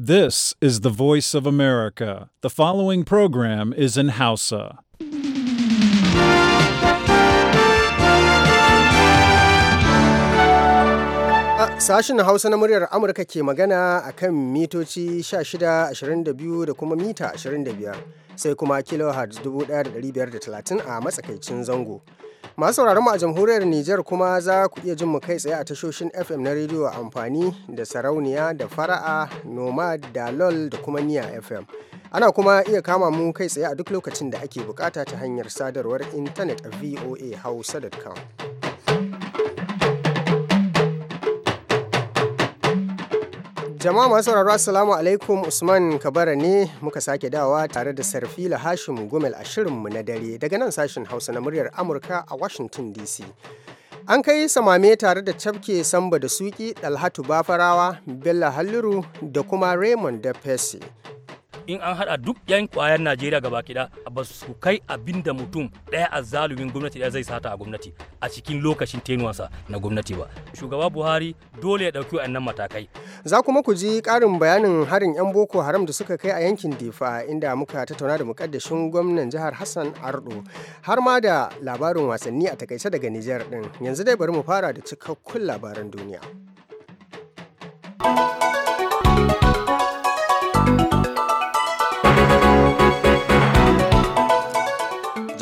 This is the voice of America. The following program is in Hausa. Sashen Hausa na muryar Amurka ke magana a kan mitoci 16, 22 da kuma mita 25, sai kuma kilohertz 1530 a matsakaicin zango. masu sauraron mu a jamhuriyar Nijar kuma za ku iya jin mu kai tsaye a tashoshin FM na rediyo amfani da sarauniya da fara'a nomad da lol da kuma niya FM. Ana kuma iya kama mu kai tsaye a duk lokacin da ake bukata ta hanyar sadarwar intanet a voa hausa.com. Jama'a masu sauraro Assalamu alaikum Usman Kabara ne muka sake dawa tare da Sarfila Hashim Gumel a shirinmu na dare daga nan sashen Hausa na muryar Amurka a Washington DC. An kai samame tare da cafke Samba da Suki, Dalhatu Bafarawa, Bello Halliru da kuma Raymond da in an haɗa duk yan kwayan najeriya gaba kida ba su kai abin da mutum ɗaya a zalumin gwamnati daya zai sata a gwamnati a cikin lokacin tenuwansa na gwamnati ba shugaba buhari dole ya ɗauki wa'annan matakai za kuma ku ji karin bayanin harin yan boko haram da suka kai a yankin difa inda muka tattauna da muƙaddashin gwamnan jihar hassan ardo har ma da labarin wasanni a takaice daga nijar ɗin yanzu dai bari mu fara da cikakkun labaran duniya thank you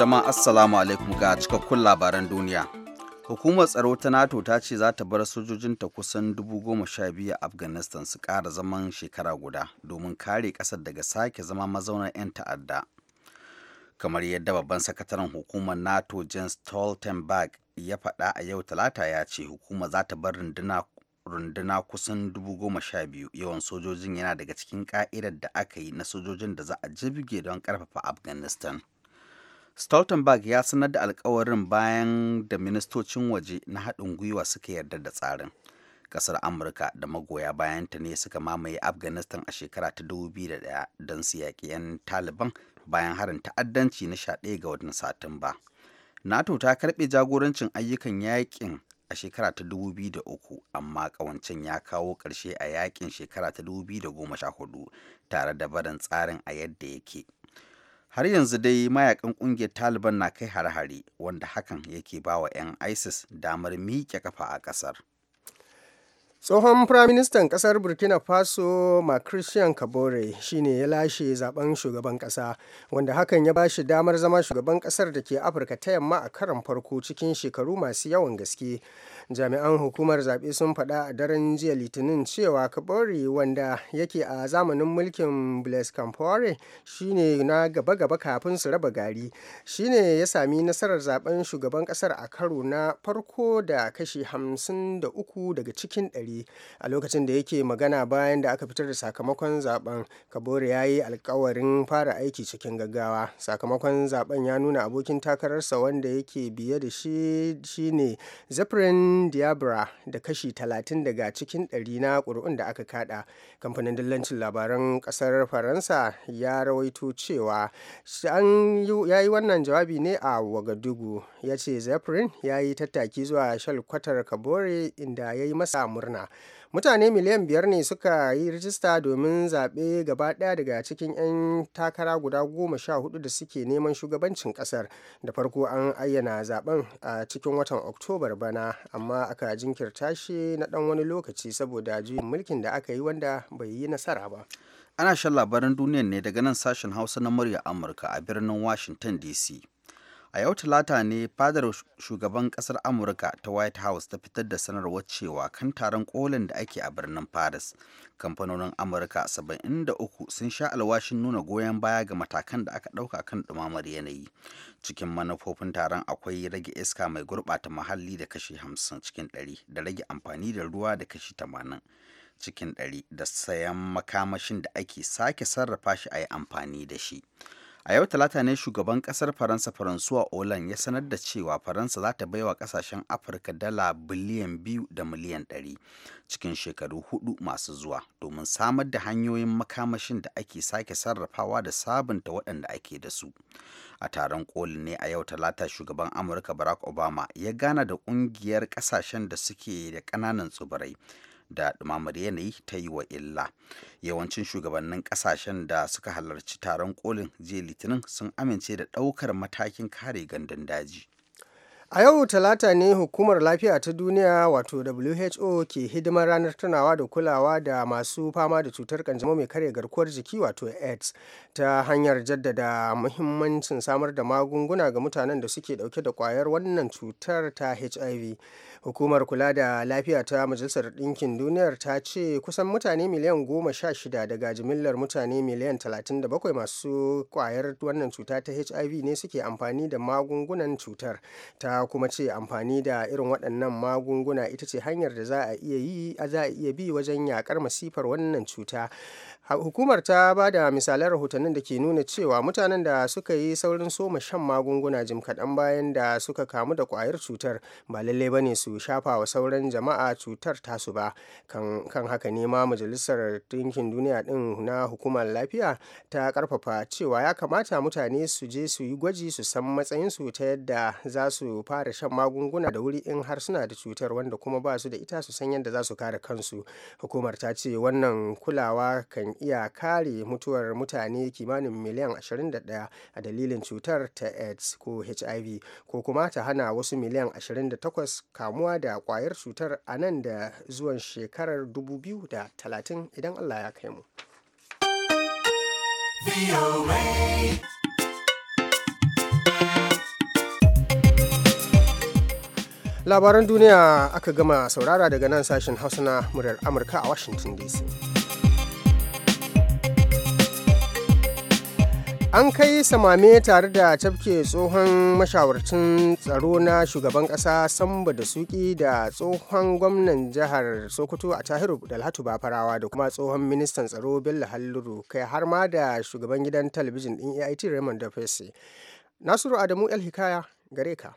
jama'a assalamu alaikum ga cikakkun labaran duniya. Hukumar tsaro ta NATO ta ce za ta bar sojojinta kusan 12,000 a Afghanistan su kara zaman shekara guda domin kare ƙasar daga sake zama mazaunar 'yan ta'adda. Kamar yadda babban sakataren hukumar NATO Jens Stoltenberg ya faɗa a yau talata ya ce hukuma za ta bar runduna runduna kusan 12,000 yawan sojojin yana daga cikin ka'idar da aka yi na sojojin da za a jibge don karfafa afghanistan Stoltenberg ya sanar da alkawarin bayan da ministocin waje na haɗin gwiwa suka yarda da tsarin. Ƙasar Amurka da magoya bayanta ne suka mamaye Afghanistan a shekara ta 2001 don su yaƙi 'yan Taliban bayan harin ta'addanci na 11 ga watan Satumba. NATO ta karɓe jagorancin ayyukan yaƙin a shekara ta 2003 amma ƙawancen ya kawo ƙarshe a yaƙin shekara ta 2014 tare da barin tsarin a yadda yake. har yanzu dai mayakan kungiyar taliban na kai hare-hare wanda hakan yake ba wa 'yan isis damar miƙe kafa a ƙasar tsohon firaministan kasar burkina faso christian kabore shine ya lashe zaben shugaban kasa wanda hakan ya bashi damar zama shugaban kasar da ke afirka ta yamma a karon farko cikin shekaru masu yawan gaske jami'an hukumar zaɓe sun faɗa a daren jiya litinin cewa kabore wanda yake a zamanin mulkin blaise campore shine na gaba-gaba kafin su raba gari shine ya sami nasarar zaben shugaban kasar a karo na farko da kashi hamsin da uku daga cikin ɗari. a lokacin da yake magana bayan da aka fitar da sakamakon zaben kabore ya yi alkawarin fara aiki cikin gaggawa sakamakon zaben ya nuna abokin takararsa wanda yake biye da shi shine zephyrin diabra da kashi 30 daga cikin 100 na ƙuri'un da aka kada kamfanin dillancin labaran ƙasar faransa ya rawaito cewa ya yi wannan jawabi ne a wagadugu ya ce zephyrin ya yi tattaki zuwa shalkwatar kabore inda ya yi masa murna mutane miliyan biyar ne suka yi rijista domin zaɓe gaba ɗaya daga cikin 'yan takara guda goma sha hudu da suke neman shugabancin ƙasar da farko an ayyana zaben a cikin watan oktobar bana amma aka jinkirta shi na ɗan wani lokaci saboda juyin mulkin da aka yi wanda bai yi nasara ba ana shan labaran duniyan ne daga nan sashen hausa na murya amurka a birnin washington dc a yau talata ne fadar shugaban kasar amurka ta white house ta fitar da sanarwar cewa kan taron kolin da ake a birnin paris kamfanonin amurka 73 sun sha alwashin nuna goyon baya ga matakan da aka ɗauka kan ɗumamar yanayi cikin manufofin taron akwai rage iska mai gurɓata muhalli da kashi 50 cikin 100 da rage amfani da ruwa da kashi 80 cikin 100 da sayan makamashin da ake sake sarrafa shi a yi amfani da shi. a yau talata ne shugaban kasar faransa faransuwa olan ya sanar da cewa faransa za ta baiwa kasashen afirka dala biliyan biyu da miliyan ɗari cikin shekaru hudu masu zuwa domin samar da hanyoyin makamashin da ake sake sarrafawa da sabunta waɗanda ake da su a taron koli ne a yau talata shugaban amurka barack obama ya gana da ƙungiyar kasashen da suke da ƙananan tsibirai da ɗumamar yanayi ta yi wa illa yawancin shugabannin ƙasashen da suka halarci taron kolin jiya litinin sun amince da ɗaukar matakin kare gandun daji a yau talata ne hukumar lafiya ta duniya wato who ke hidimar ranar tunawa da kulawa da masu fama da cutar kanjamau mai karya garkuwar jiki wato aids ta hanyar jaddada muhimmancin samar da magunguna ga mutanen da suke dauke da kwayar wannan cutar ta hiv hukumar kula da lafiya ta majalisar ɗinkin duniyar ta ce kusan mutane miliyan goma sha shida daga jimillar mutane miliyan talatin da bakwai masu kwayar wannan cuta ta hiv ne suke amfani da magungunan cutar ta kuma ce amfani da irin waɗannan magunguna ita ce hanyar da za a iya yi a za a iya bi wajen yakar masifar wannan cuta hukumar ta ba da misalan rahotannin da ke nuna cewa mutanen da suka yi saurin soma shan magunguna jim kaɗan bayan da suka kamu da kwayar cutar ba lallai ne su shafa wa sauran jama'a cutar tasu ba kan haka ne ma majalisar ɗinkin duniya ɗin na hukumar lafiya ta karfafa cewa ya kamata mutane su je su yi gwaji su san matsayinsu ta yadda za su fara shan magunguna da wuri in har suna da cutar wanda kuma ba su da ita su san yadda za su kare kansu hukumar ta ce wannan kulawa kan iya kare mutuwar mutane kimanin miliyan 21 a dalilin cutar ta aids ko hiv ko kuma ta hana wasu miliyan 28 kamuwa kamuwa da kwayar cutar a nan da zuwan shekarar 2030 idan allah ya kai mu labaran duniya aka gama saurara daga nan sashen hausa na muryar amurka a washington dc an kai samame tare da cafke tsohon mashawarcin tsaro na shugaban kasa samba da suki da tsohon gwamnan jihar sokoto a tahiru dalhatu Farawa, da kuma tsohon ministan tsaro bello halluru kai har ma da shugaban gidan talabijin din ait raymond da nasiru adamu el hikaya gare ka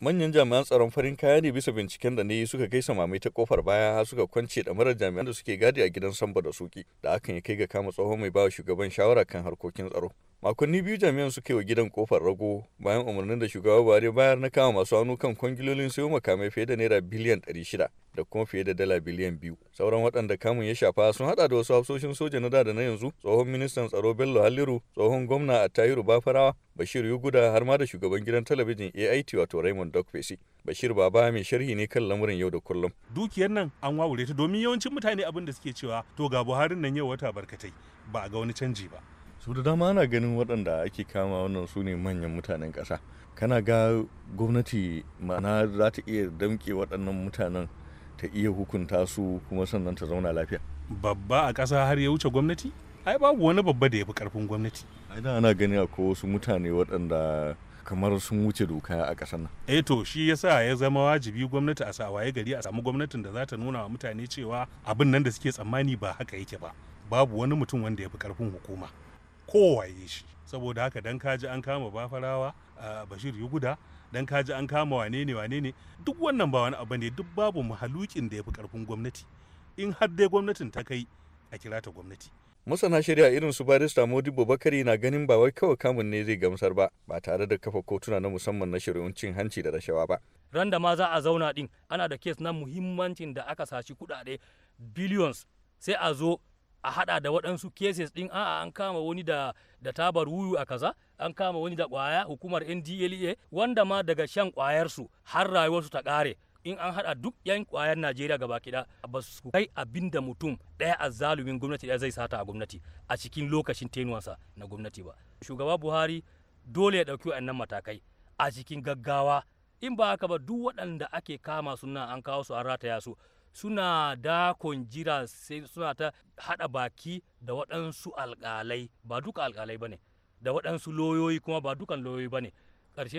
manyan jami'an tsaron farin kaya ne bisa binciken da ne suka kai samamai ta kofar baya har suka kwance da marar jami'an da suke gadi a gidan samba da suki da akan ya kai ga kama tsohon mai bawa shugaban shawara kan harkokin tsaro makonni biyu jami'an suka yi wa gidan kofar rago bayan umarnin da shugaba buhari bayar na kama masu hannu kan kwangilolin sayo makamai fiye da naira biliyan shida da kuma fiye da dala biliyan biyu sauran waɗanda kamun ya shafa sun hada da wasu hafsoshin soja na da na yanzu tsohon ministan tsaro bello halliru tsohon gwamna a tahiru bafarawa bashir yuguda har ma da shugaban gidan talabijin ait wato raymond dokfesi bashir baba mai sharhi ne kan lamurin yau da kullum dukiyar nan an wawure ta domin yawancin mutane abin da suke cewa to ga buharin nan yau wata barkatai ba a ga wani canji ba su da dama ana ganin waɗanda ake kama wannan su ne manyan mutanen ƙasa kana ga gwamnati ma'ana za ta iya damƙe waɗannan mutanen ta iya hukunta su kuma sannan ta zauna lafiya babba a ƙasa har ya wuce gwamnati ai babu wani babba da ya fi ƙarfin gwamnati ai da ana gani akwai wasu mutane waɗanda kamar sun wuce doka a ƙasar nan. Eh to shi yasa ya zama wajibi gwamnati a sawaye gari a samu gwamnatin da za ta nuna wa mutane cewa abin nan da suke tsammani ba haka yake ba. Babu wani mutum wanda ya fi ƙarfin hukuma. kowaye shi saboda haka dan kaji an kama bafarawa a bashir guda dan kaji an kama wane ne wane ne duk wannan ba wani abu ne duk babu mahalukin da ya fi karfin gwamnati in har dai gwamnatin ta kai a kira ta gwamnati masana shari'a irin su barista modibo bakari na ganin ba wai kawai kamun ne zai gamsar ba ba tare da kafa kotuna na musamman na shari'un cin hanci da rashawa ba ran da ma za a zauna din ana da kes na muhimmancin da aka sashi kudade billions sai a zo a hada da waɗansu cases ɗin a'a an kama wani da da tabar wuyu a kaza an kama wani da kwaya hukumar ndlea wanda ma daga shan su har rayuwarsu ta ƙare in an hada duk yan kwayar Najeriya gaba kiɗa ba su kai abin da mutum ɗaya a zalumin gwamnati ɗaya zai sata a gwamnati a cikin lokacin tenuwansa na gwamnati ba. Shugaba Buhari dole ya ɗauki wa'annan matakai a cikin gaggawa in ba haka ba duk waɗanda ake kama suna an kawo su an rataya su suna dakon jira sai suna ta haɗa baki da waɗansu alƙalai ba duka alƙalai ba ne da waɗansu loyoyi kuma ba dukan loyoyi ba ne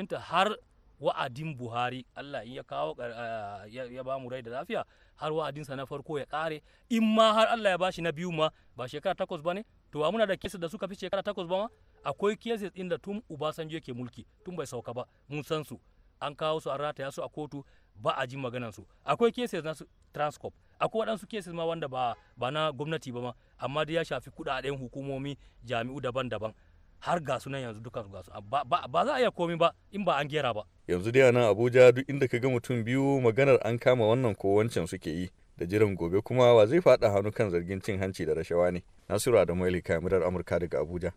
ta har wa'adin buhari allah ya kawo eh, ya ba mu rai da lafiya har wa'adinsa na farko ya ƙare in ma har allah ya ba shi na biyu ma ba shekara takwas ba ne to muna da kesa da suka fi shekara takwas ba ma akwai kesa ɗin da tun ubasanjo ke mulki tun bai sauka ba mun san su an kawo su an rataya su a kotu ba a ji maganan su akwai cases na transcorp akwai waɗansu cases ma wanda ba ba na gwamnati ba ma amma dai ya shafi kuɗaɗen hukumomi jami'u daban-daban har ga sunan yanzu dukkan su ga su ba za a iya komi ba in ba an gera ba yanzu dai a nan abuja duk inda ka ga mutum biyu maganar an kama wannan ko wancan suke yi da jiran gobe kuma wa zai faɗa hannu kan zargin cin hanci da rashawa ne nasiru adamu ali kamilar amurka daga abuja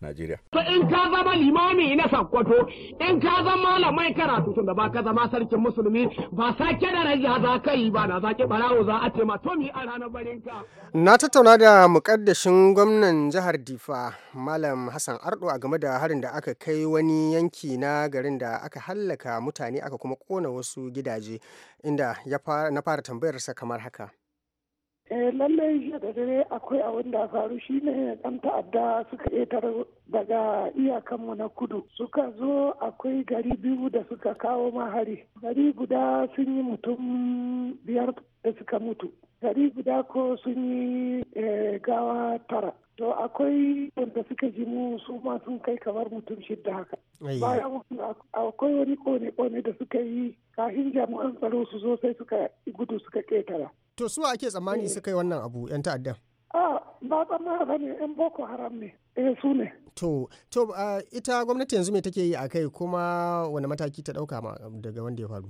Najeriya. To in ka zama limami na sakkwato, in ka zama malamai karatu tun da ba ka zama sarkin musulmi ba sake da rai za ka yi ba na zaki barawo za a ce ma to mi a ranar barinka. Na tattauna da mukaddashin gwamnan jihar Difa Malam Hassan Ardo a game da harin da aka kai wani yanki na garin da aka hallaka mutane aka kuma kona wasu gidaje inda na fara tambayarsa kamar haka. Eh, lallai jiya da dare akwai abin da faru shine dan ta'adda suka ƙetare daga iyakanmu na kudu suka zo akwai gari biyu da suka kawo mahari gari guda sun yi mutum biyar da suka mutu gari guda ko sun yi eh, gawa tara to akwai wanda suka ji mu su ma sun kai kamar mutum shidda haka bayan akwai wani kone-kone da suka yi kafin jami'an tsaro su zo sai suka gudu suka ketara to su ake tsammani eh. suka yi wannan abu 'yan ta'addan a ah, ba tsammani ba ne 'yan boko haram ne eh su ne to to ita gwamnati yanzu me take yi a kai kuma wani mataki ta dauka daga wanda ya faru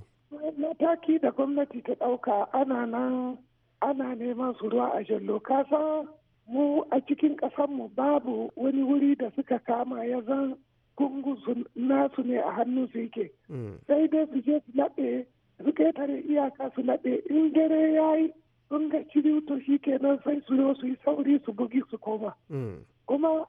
mataki da gwamnati ta dauka ana nan ana neman su ruwa a jallo kasa mu a cikin mu babu wani wuri da suka kama ya zan gungun nasu ne a hannun su yake mm. sai dai su je su laɓe su ƙetare iyaka su laɓe in dare ya yi sun ga to shi kenan sai su su yi sauri su bugi su koma mm. kuma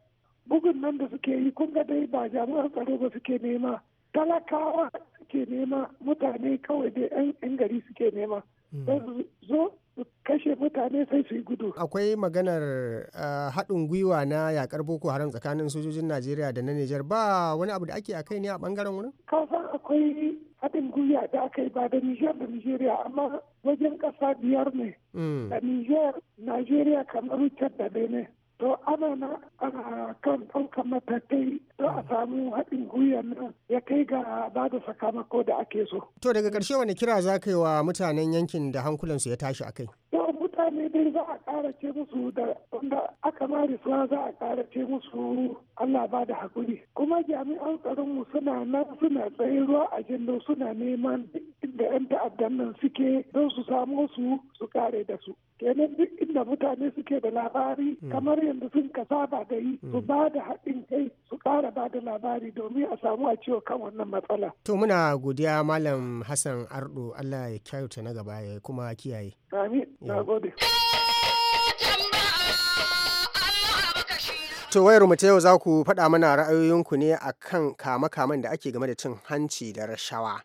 bugun nan da suke yi kun ga dai ba jami'an tsaro ba suke nema talakawa suke nema mutane kawai dai yan gari suke nema hmm. zo kashe mutane sai su yi gudu. Akwai maganar ah, haɗin gwiwa na yakar Boko Haram tsakanin sojojin Najeriya da na Nijar ba wani abu da ake a kai ne a ɓangaren wurin? Kasan akwai haɗin gwiwa da aka yi ba da Nijar da Nijeriya amma wajen ƙasa biyar ne. Hmm. Da Nijar, Najeriya, kamar Chad da Benin. to ana na ana kan ɗaukar matakai don a samu haɗin gwiwa nan ya kai ga ba da sakamako da ake so. To daga ƙarshe wani kira za ka yi wa mutanen yankin da hankulansu ya tashi a kai? To mutane dai za a ƙara musu da wanda aka mari suwa za a ƙara ce musu Allah ba da haƙuri. Kuma jami'an tsaronmu suna nan suna tsaye ruwa a jindo suna neman da 'yan ta'addan nan suke don su samo su su kare da su kenan duk inda mutane suke da labari hmm. kamar yanzu sun ka saba da yi su hmm. ba da haɗin kai su ƙara ba da labari domin a samu a ciwo kan wannan matsala. to muna godiya malam hassan ardo allah ya kyauta na gaba ya kuma kiyaye. amin na gode. To wayar mu ta yau za ku faɗa mana ra'ayoyinku ne akan kama-kaman da ake game da cin hanci da rashawa.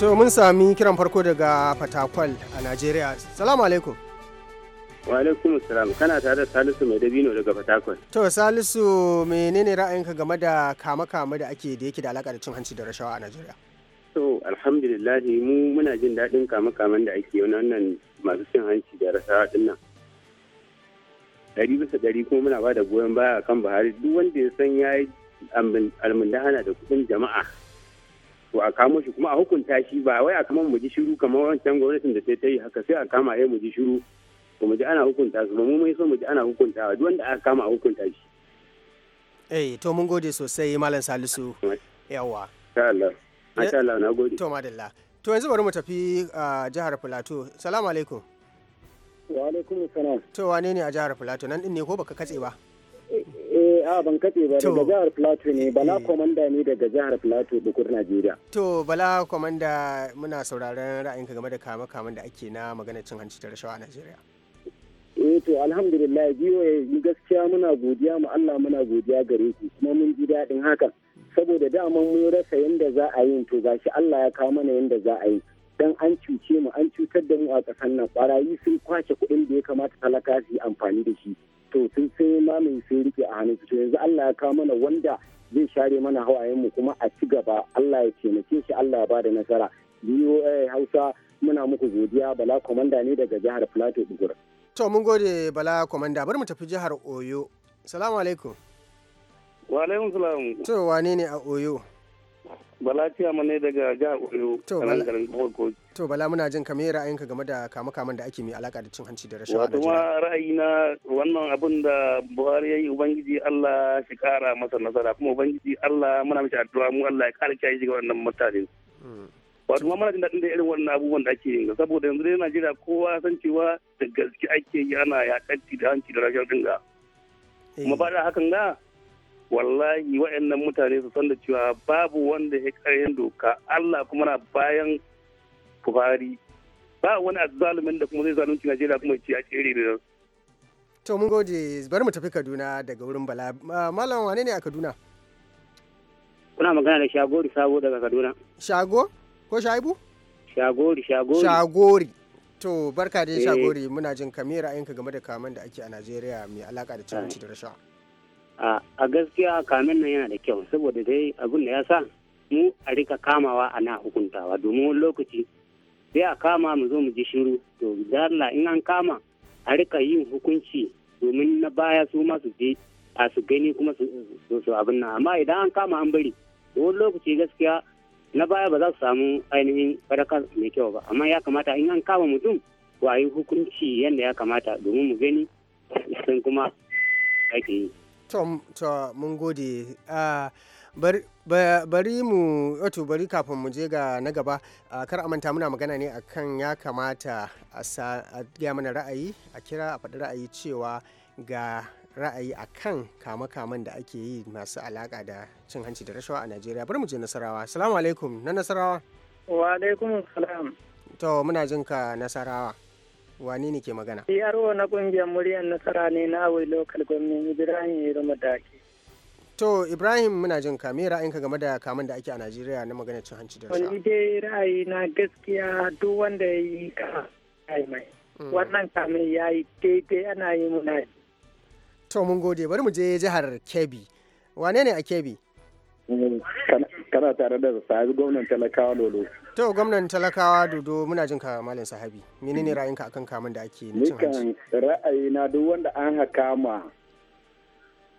to mun sami kiran farko daga fatakwal a najeriya salamu alaikum wa alaikum salam kana tare da salisu mai dabino daga fatakwal to salisu menene ra'ayinka game da kama-kama da ake da yake da alaka da cin hanci da rashawa a najeriya to alhamdulillah mu muna jin daɗin kama-kaman da ake wannan masu cin hanci da rashawa nan. ɗari bisa ɗari kuma muna ba da goyon baya kan buhari duk wanda ya san ya yi almundahana da kuɗin jama'a to a kamo shi kuma a hukunta shi ba wai a kama mu ji shiru kamar wancan gwamnatin da sai ta yi haka sai a kama ya mu ji shiru to mu ji ana hukunta su ba mu mai so mu ji ana hukunta duk wanda aka kama a hukunta shi eh to mun gode sosai malam salisu yawa masha Allah na gode to madalla to yanzu bari mu tafi jihar plateau salamu alaikum wa alaikum salam to wane ne a jihar plateau nan din ne ko baka katse ba a ban katse ba daga jihar plateau ne bala eh. komanda ne daga jihar plateau bukur najeriya to bala komanda muna sauraron ra'ayinka game da kama kaman da ake na magana cin hanci ta rashawa a najeriya eh to alhamdulillah biyo gaskiya muna godiya mu Allah muna godiya gare ku kuma mun ji daɗin hakan saboda daman mun rasa yanda za a yi to gashi Allah ya kawo mana yanda za a yi dan an cuce mu an cutar da mu a kasan nan barayi sun kwace kuɗin da ya kamata talaka su yi amfani da shi to sun sai mai sai rike a hannun to yanzu Allah ya kawo mana wanda zai share mana hawayenmu kuma a ci gaba Allah ya taimake shi Allah ya ba da nasara BOA Hausa muna muku godiya Bala Komanda ne daga jihar Plateau Bukur. To mun gode Bala Komanda bari mu tafi jihar Oyo. Salamu alaikum. Wa alaikum salam. To wane ne a Oyo? Bala Tiyama ne daga jihar Oyo, kanan garin Kogi. To Bala muna jin ra'ayin ra'ayinka game da kama kamen da ake mai alaka da cin hanci da rashawa da Wato ra'ayi na wannan abin da Buhari ya yi Ubangiji Allah shi kara masa nasara kuma Ubangiji Allah muna mishi addu'a mu Allah ya kara kiyaye ga wannan mutane. Hmm. Wato ma muna jin daɗin da irin wannan abubuwan da ake yin saboda yanzu dai Najeriya kowa san cewa da gaske ake yi ana yaƙar da hanci da rashawa dinga. Kuma eh. ba da hakan ga wallahi wa'annan mutane su san da cewa babu wanda ya karyar doka Allah kuma na bayan Buhari ba wani azalumin da kuma zai zalunci Najeriya kuma ya ci a kere da to mun gode bari mu tafi Kaduna daga wurin Bala malam wane ne a Kaduna kuna magana da Shagori Sabo daga Kaduna Shago ko Shaibu Shagori Shagori Shagori to barka da eh. Shagori muna jin kamera ayinka game da kaman da ake a Najeriya mai alaka da cin da rashawa a gaskiya kamen nan yana da kyau saboda dai abin da ya sa mu a rika kamawa ana hukuntawa domin wani lokaci sai a kama mu zo mu ji shiru to Allah in an kama a rika yin hukunci domin na baya su ma su je a su gani kuma su su abin nan amma idan an kama an bari to wani lokaci gaskiya na baya ba za su samu ainihin faraka mai kyau ba amma ya kamata in an kama mutum ko a yi hukunci yadda ya kamata domin mu gani sun kuma ake yi. to mun gode. bari mu wato bari kafin mu je ga na gaba kar a manta muna magana ne akan ya kamata a gaya mana ra'ayi a kira a faɗi ra'ayi cewa ga ra'ayi akan kama-kaman da ake yi masu alaƙa da cin hanci da rashawa a najeriya bari mu je nasarawa salamu alaikum na nasarawa wa alaikum salam to muna jin ka nasarawa wani ne ke magana yaro na kungiyar muryar nasara ne na awai lokal gwamnin ibrahim yaro mataki to ibrahim muna jin kame ra'ayinka game da kamun da ake a najeriya na maganar cin hanci da rashawa wani dai ra'ayi na gaskiya duk wanda ya yi ka mai mm. wannan kamun ya yi daidai ana yi muna to mun gode bari mu je jihar kebbi wane ne a kebbi mm, kana tare da sahabi gwamnan talakawa lolo to gwamnan talakawa dodo muna jin ka malam sahabi menene ra'ayinka akan kamun da ake cin hanci ra'ayi na duk wanda an haka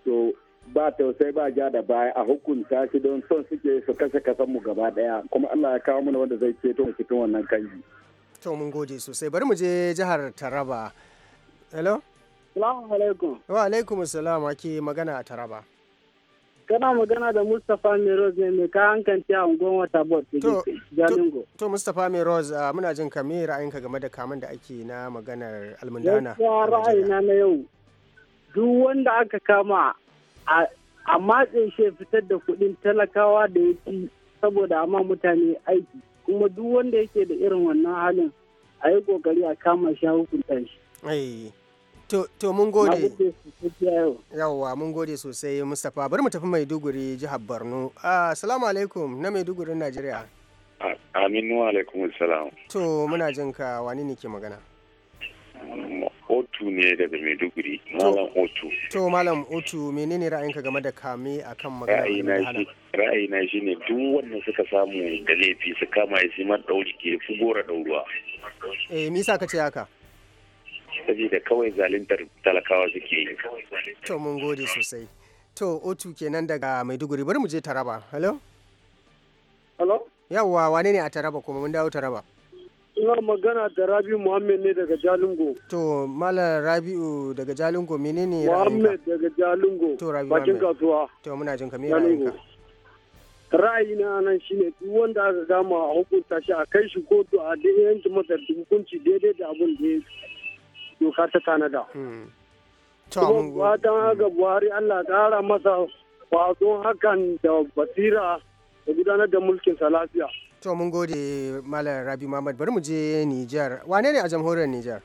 to ba tausayi ba ja da baya a hukunta shi don son suke su kashe kasan mu gaba daya kuma Allah ya kawo mana wanda zai ceto mu cikin wannan kanji to mun gode sosai bari mu je jihar Taraba hello Salamu alaikum. Wa alaikum salam ake magana a Taraba. kana magana da Mustapha Meroz ne mai ka hankanci a unguwar Wata da Jalingo. To Mustapha Meroz ah, muna jin ka ra'ayinka game da kaman da ake na maganar almundana? Ya ra'ayina na yau duk wanda aka kama a matsin shi fitar da kuɗin talakawa da ya ci saboda amma mutane aiki kuma duk wanda yake da irin wannan halin a yi kokari a kama shi hukunta shi. Eh. To mun gode. Yawwa mun gode sosai Mustapha bari mu tafi Maiduguri jihar Borno. Assalamu ah, alaikum na Maiduguri Najeriya. Amin wa alaikum salam. To muna jin ka wani ne ke magana? Um, Otu ne daga Maiduguri, Malam Otu. To Malam Otu menene ra'ayinka game da kame akan magana? Ra'ayi na shi ne duk wanda suka samu da laifi su kama ya shi ɗauri ke fi gora ɗauruwa. Eh, me yasa ka ce haka? saboda kawai zalintar talakawa suke yi to mun gode sosai to otu kenan daga maiduguri bari mu je taraba hello hello yawwa wane ne a taraba kuma mun dawo taraba ina magana da Rabi muhammed ne daga jalingo to Mala rabi'u daga jalingo menene muhammed daga jalingo to Rabi bakin kasuwa to muna jin ka me ra'ayinka ra'ayina nan shine duk wanda aka gama a hukunta shi a kai shi kotu a dai yanki masa hukunci daidai da abin da ya doka ta tanada. Hmm. Kuma don haka Buhari Allah ƙara masa kwazo hakan da basira da gudanar da mulkin sa lafiya. To mun gode Malam Rabi Muhammad bari mu je Nijar. Wane ne a jamhuriyar Nijar?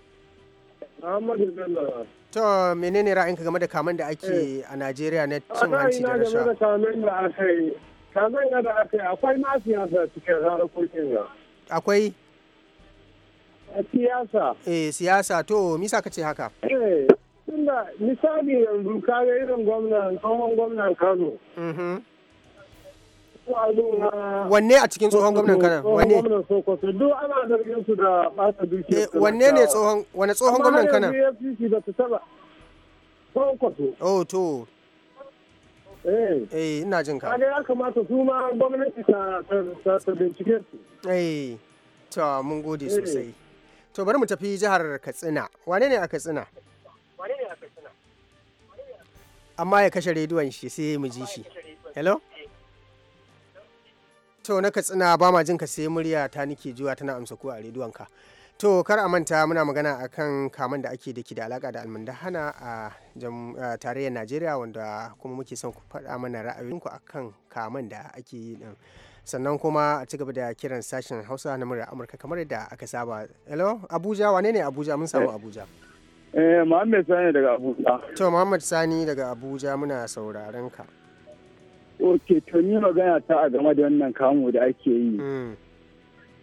Ahmadu Bello. To menene ra'ayinka game da kaman da ake eh. a Najeriya na cin hanci da rashawa? Ana game da da aka yi akwai masu yasa cikin harakokin ya. Akwai? siyasa eh siyasa to misa ka ce haka eh tunda misali yanzu ka ga irin gwamnan tsohon gwamnan Kano mm-hmm. wanne a cikin tsohon gwamnan Kano wanne duk ana zargin su da bata dukiya eh, wanne ne tsohon wanne tsohon gwamnan Kano ba ta saba Sokoto oh to eh Eh ina jin ka ya kamata su ma gwamnati ta ta bincike su eh Ta mun gode eh. sosai To bari mu tafi jihar Katsina. Wane ne a Katsina? Wane ne a Katsina? Amma ya kashe rediyon shi sai mu ji shi. Hello? To na Katsina ba ma jin ka sai murya ta nike juwa tana amsa ku a rediyon ka. To kar a manta muna magana akan kaman da ake da ke da alaka da hana a tarayyar Najeriya wanda kuma muke son ku faɗa mana ra'ayinku akan kaman da ake yi din. sannan kuma a ci gaba da kiran sashen hausa na murya amurka kamar yadda aka saba hello abuja wane ne abuja mun samu eh, abuja eh muhammad sani daga abuja to muhammad sani daga abuja muna sauraron ka ok to ni magana ta a game da wannan kamu da ake yi hmm.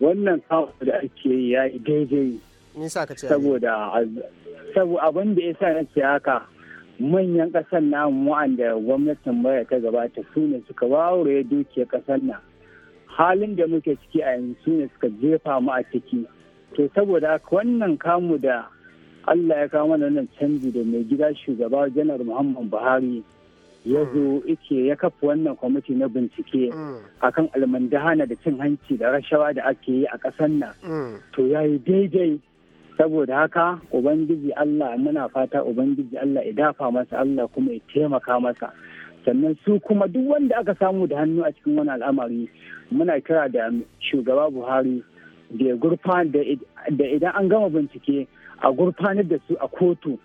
wannan kamu da ake yi ya yi daidai nisa ka ce saboda saboda abin da ya sa na ce haka manyan ƙasar namu wa'anda gwamnatin baya ta gabata su ne suka ya dukiyar kasan nan halin da muke ciki a yanzu ne suka jefa mu a ciki to saboda wannan kamu da Allah ya kawo mana wannan canji da mai gida shugaba janar Muhammad Buhari ya zo ike hmm. ya kafa wannan kwamiti na bincike hmm. akan almandahana da cin hanci da rashawa da ake yi a ƙasar nan hmm. to ya yi daidai saboda haka ubangiji Allah muna fata ubangiji Allah ya dafa masa Allah kuma ya taimaka masa sannan su kuma duk wanda aka samu da hannu a cikin wani al'amari muna kira da shugaba buhari da da idan an gama bincike a gurfanar da su a kotu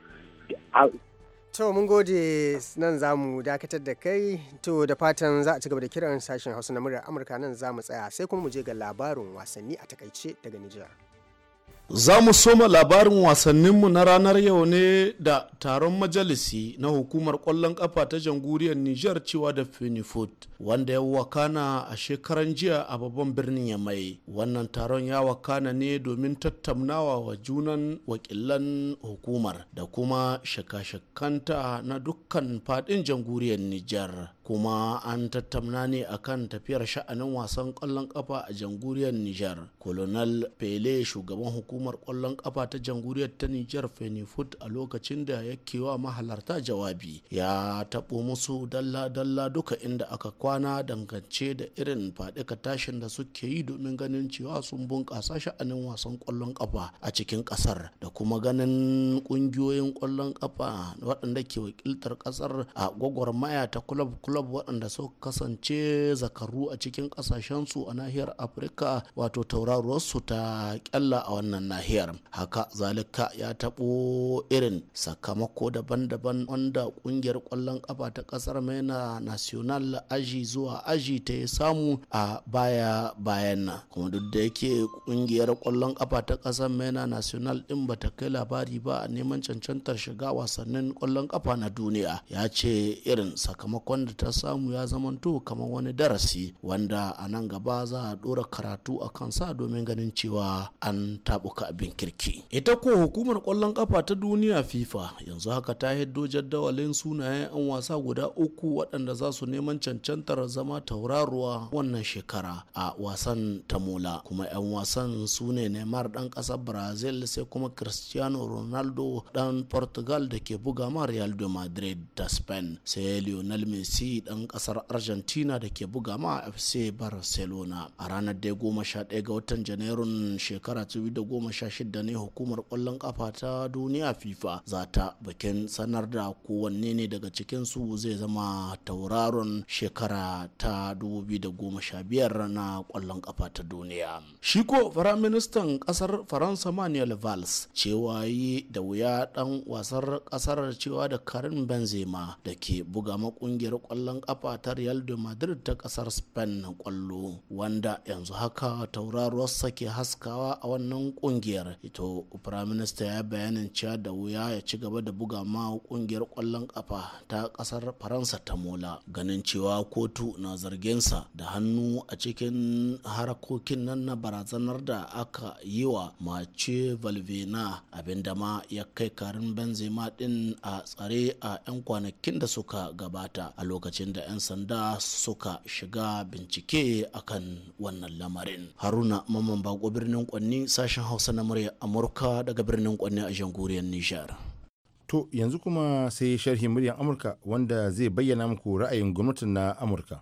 to mun gode nan za mu dakatar da kai to da fatan za a ci gaba da kiran sashen hausa na muryar amurka nan za mu tsaya sai kuma mu je ga labarin wasanni a takaice daga nijar Za mu soma labarin wasanninmu na ranar yau ne da taron majalisi na hukumar ƙwallon ƙafa ta janguriyar Nijar cewa da Finifoot wanda ya wakana a shekaran jiya a babban birnin Yamai. Wannan taron ya wakana ne domin tattaunawa wa junan wakilan hukumar da kuma shaka-shakanta na dukkan faɗin janguriyar Nijar. kuma an tattauna ne a kan tafiyar sha'anin wasan kwallon kafa a janguriyar Nijar. Colonel Pele shugaban hukumar kwallon kafa ta janguriyar ta Nijar Fenifut a lokacin da ya wa mahalarta jawabi ya taɓo musu dalla-dalla duka inda aka kwana dangance da irin faɗika tashin da suke yi domin ganin cewa sun bunƙasa sha'anin wasan kwallon kafa a cikin ƙasar da kuma ganin ƙungiyoyin kwallon kafa waɗanda ke wakiltar ƙasar a gwagwarmaya ta kulob. club waɗanda suka kasance zakaru a cikin ƙasashensu a nahiyar afirka wato tauraruwarsu ta kyalla a wannan nahiyar haka zalika ya taɓo irin sakamako daban-daban wanda ƙungiyar ƙwallon ƙafa ta ƙasar maina national aji zuwa aji ta yi samu a baya bayan nan kuma duk da yake ƙungiyar ƙwallon ƙafa ta ƙasar maina national ɗin ta kai labari ba a neman cancantar shiga wasannin ƙwallon ƙafa na duniya ya ce irin sakamakon da ta ta samu ya zamanto kamar wani darasi wanda a nan gaba za a dora karatu a kan sa domin ganin cewa an tabuka abin kirki ita ko hukumar kwallon kafa ta duniya fifa yanzu haka ta hiddo jaddawalin sunayen an wasa guda uku waɗanda za su neman cancantar zama tauraruwa wannan shekara a wasan tamola kuma 'yan wasan su ne neymar dan ƙasar brazil sai kuma cristiano ronaldo dan portugal da ke buga ma real de madrid da spain sai lionel messi dan kasar Argentina da ke buga ma FC Barcelona. A ranar dai goma sha ɗaya ga watan Janairun shekara da goma sha shida ne hukumar kwallon ƙafa ta duniya FIFA za ta bikin sanar da kowanne ne daga su zai zama tauraron shekara ta 2015 na kwallon ƙafa ta duniya. Shi ko Firaministan kasar Faransa Manuel Valls cewa yi da wuya dan wasar ƙasar cewa da karin Benzema da ke buga ma kungiyar kwallon kafa ta Real de Madrid ta kasar Spain na kwallo wanda yanzu haka tauraruwarsa ke haskawa a wannan kungiyar Ito Firaminista ya bayanin cewa da wuya ya ci gaba da buga ma kungiyar kwallon kafa ta kasar Faransa ta mola ganin cewa kotu na zarginsa da hannu a cikin harakokin nan na barazanar da aka yi wa mace Valvena abinda ma ya kai karin Benzema din a tsare a 'yan kwanakin da suka gabata a lokacin lokacin da 'yan sanda suka shiga bincike akan wannan lamarin haruna mamman bako birnin kwanni sashen hausa na murya amurka daga birnin kwanni a Janguriyar nijar to yanzu kuma sai sharhi muryar amurka wanda zai bayyana muku ra'ayin gwamnatin na amurka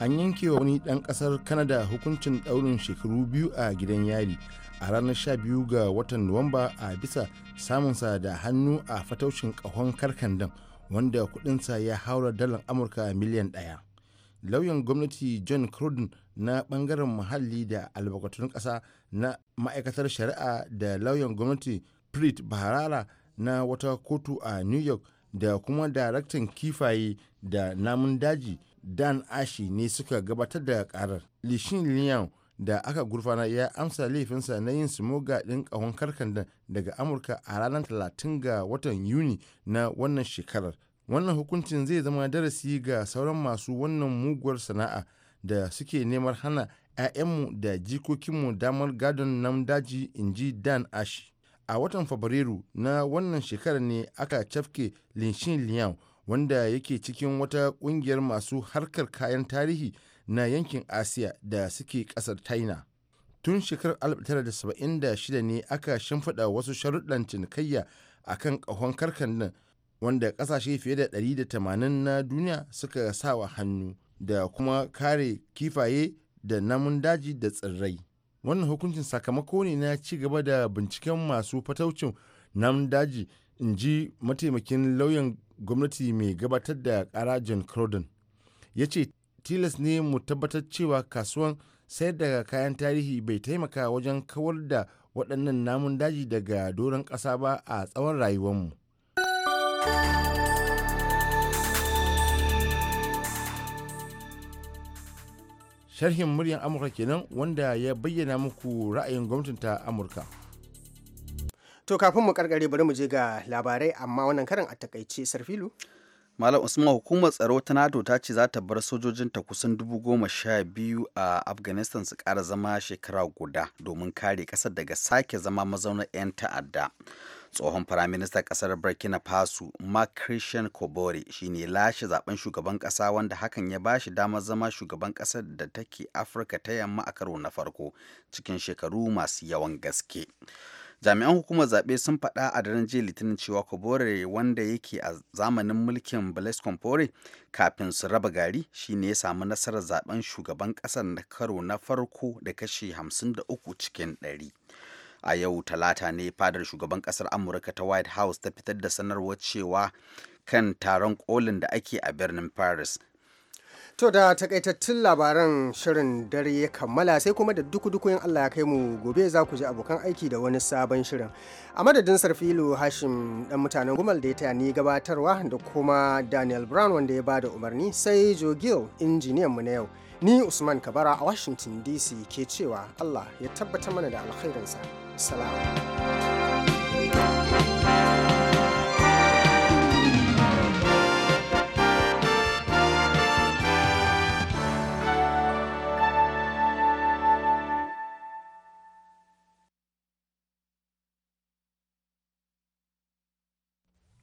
an yanke wa wani ɗan ƙasar kanada hukuncin ɗaurin shekaru biyu a gidan yari a ranar 12 ga watan nuwamba a bisa samunsa da hannu a fataucin kahon karkandan wanda kudinsa ya haura dalar amurka miliyan daya lauyan gwamnati john cruden na bangaren muhalli da albarkatun kasa na ma'aikatar shari'a da lauyan gwamnati preet baharara na wata kotu a new york da kuma daraktan kifaye da namun daji dan ashi ne suka gabatar da karar lishin liyan da aka gurfana ya amsa laifinsa na yin smoga din kahon karkanda daga amurka a ranar talatin ga watan yuni na wannan shekarar wannan hukuncin zai zama darasi ga sauran masu wannan muguwar sana'a da suke neman hana 'ya'yanmu da jikokinmu damar gadon nam daji in ji dan ashi a watan fabrairu na wannan shekarar ne aka cafke linshin liyan wanda yake cikin wata kungiyar masu harkar kayan tarihi na yankin asiya da suke kasar china tun shekarar 1976 ne aka shimfiɗa wasu sharuɗan cinikayya a kan ƙahon karkan wanda ƙasashe fiye da 180 na duniya suka sawa hannu da kuma kare kifaye da namun daji da tsirrai wannan hukuncin sakamako ne na ci gaba da binciken masu fataucin namun daji in ji mataimakin lauyan gwamnati mai gabatar da kara john yace ya ce tilas ne mu tabbatar cewa kasuwan sayar da kayan tarihi bai taimaka wajen kawar da waɗannan namun daji daga doron ƙasa ba a tsawon rayuwarmu. Sharhin muryar Amurka kenan wanda ya bayyana muku ra'ayin gwamnatin ta Amurka. To kafin mu karkare bari mu je ga labarai amma wannan karin a takaice sarfilu. Malam Usman hukumar tsaro ta NATO ta ce za ta bar sojojinta kusan dubu goma sha biyu a Afghanistan su kara zama shekara guda domin kare ƙasar daga sake zama mazaunar 'yan ta'adda. Tsohon Firaministan kasar Burkina Faso, Mark Christian Kobore, shine lashe zaben shugaban kasa wanda hakan ya ba shi damar zama shugaban ƙasar da take Afirka ta yamma a karo na farko cikin shekaru masu yawan gaske. jami'an hukumar zaɓe sun faɗa a daren jiya litinin cewa kobore wanda yake a zamanin mulkin blaise compore kafin su raba gari shine ya samu nasarar zaben shugaban ƙasar na karo na farko da kashi 53 cikin 100 a yau talata ne fadar shugaban ƙasar amurka ta white house ta fitar da sanarwar cewa kan taron kolin da ake a birnin paris To da takaitattun labaran shirin dare ya kammala sai kuma da duku-dukuyin Allah ya kai mu gobe za ku ji abokan aiki da wani sabon shirin. A madadin Sarfilu Hashim dan mutanen Gumal da ya taya ni gabatarwa da kuma Daniel Brown wanda ya bada umarni sai Joe Gill injiniyan mu na yau. Ni Usman Kabara a Washington DC ke cewa Allah ya tabbatar mana da alkhairinsa. Salam.